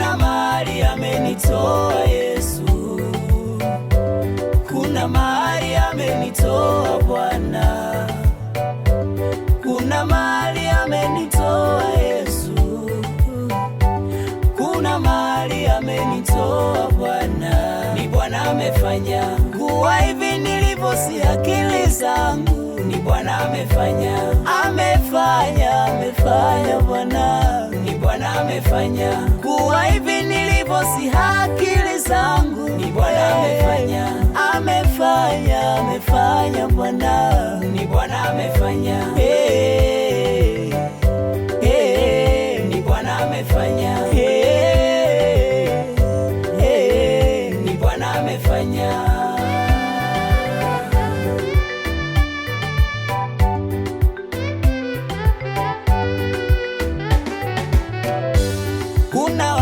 Kuna mahali amenitoa Yesu, kuna mahali amenitoa Bwana, kuna mahali amenitoa Yesu, kuna mahali amenitoa Bwana. Ni Bwana amefanya kuwa hivi nilivyo, si akili zangu. Ni Bwana amefanya, amefanya, amefanya Bwana amefanya kuwa hivi nilivyo, si akili zangu, ni Bwana amefanya, amefanya, amefanya Bwana, ni Bwana amefanya, hey, eh, eh, hey, eh. ni Bwana amefanya, hey, hey, ni Bwana amefanya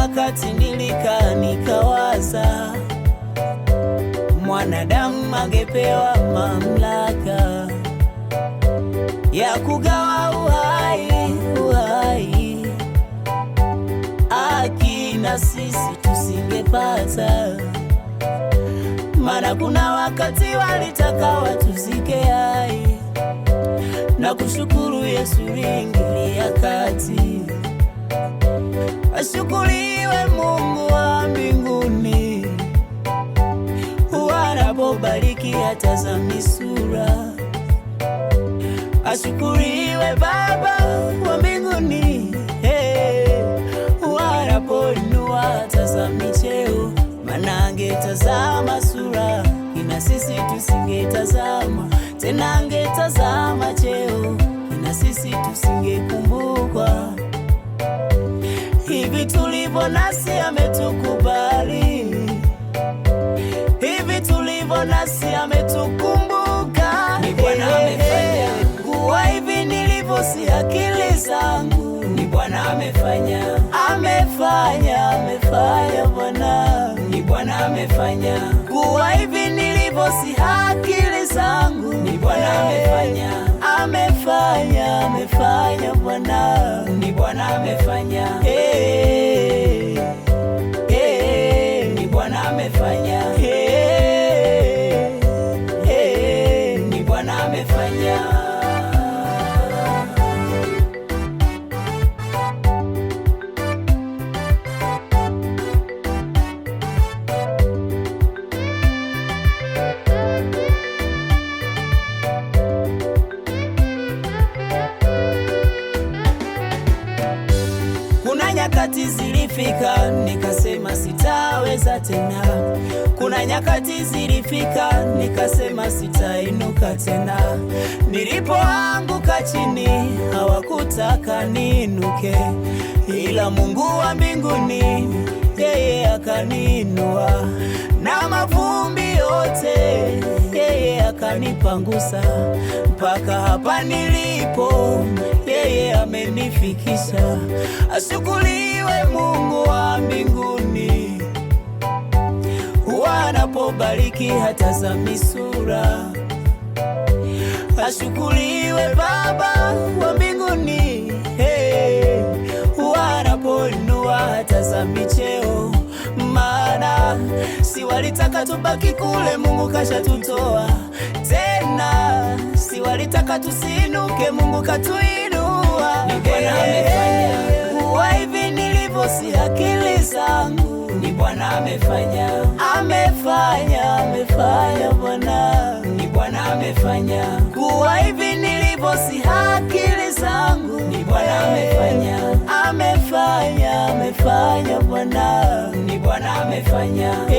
wakati nilikaa nikawaza, mwanadamu angepewa mamlaka ya kugawa uhai, uhai, aki na sisi tusingepata, mana kuna wakati walitaka watuzike hai. Na kushukuru Yesu, ya kati ashukuliwe Mungu wa mbinguni wanapobariki hata za misura. Ashukuriwe Baba wa mbinguni hey, wanapoinua hata za Maana angetazama sura, ina sisi tusingetazama tena, angetazama cheo, ina sisi tusingekumbukwa tulivyo nasi ametukubali, hivi tulivyo nasi ametukumbuka. Ni Bwana amefanya kuwa hivi nilivyo, si akili zangu. Ni Bwana amefanya, amefanya, amefanya Bwana. Ni Bwana amefanya kuwa hivi nilivyo, si akili zangu. Ni Bwana amefanya, amefanya, amefanya Bwana. Ni Bwana amefanya, hey. amefanya nyakati zilifika nikasema sitaweza tena, kuna nyakati zilifika nikasema sitainuka tena. Nilipoanguka chini hawakutaka niinuke, ila Mungu wa mbinguni yeye akaniinua. amenipangusa mpaka hapa nilipo, yeye amenifikisha. Ashukuriwe Mungu wa mbinguni, huwa anapobariki za misura Ashukuriwe Baba wa mbinguni, hey, huwa anapoinua hata za micheo si walitaka tubaki kule, Mungu kasha tutoa. Bwana, si walitaka tusinuke, Mungu katuinua. Ni Bwana ee, amefanya kuwa hivi nilivyo, si akili zangu. Ni Bwana amefanya, amefanya, amefanya Bwana. Ni Bwana amefanya kuwa hivi nilivyo, si akili zangu. Ni Bwana ee, amefanya, amefanya, amefanya Bwana. Ni Bwana amefanya hey.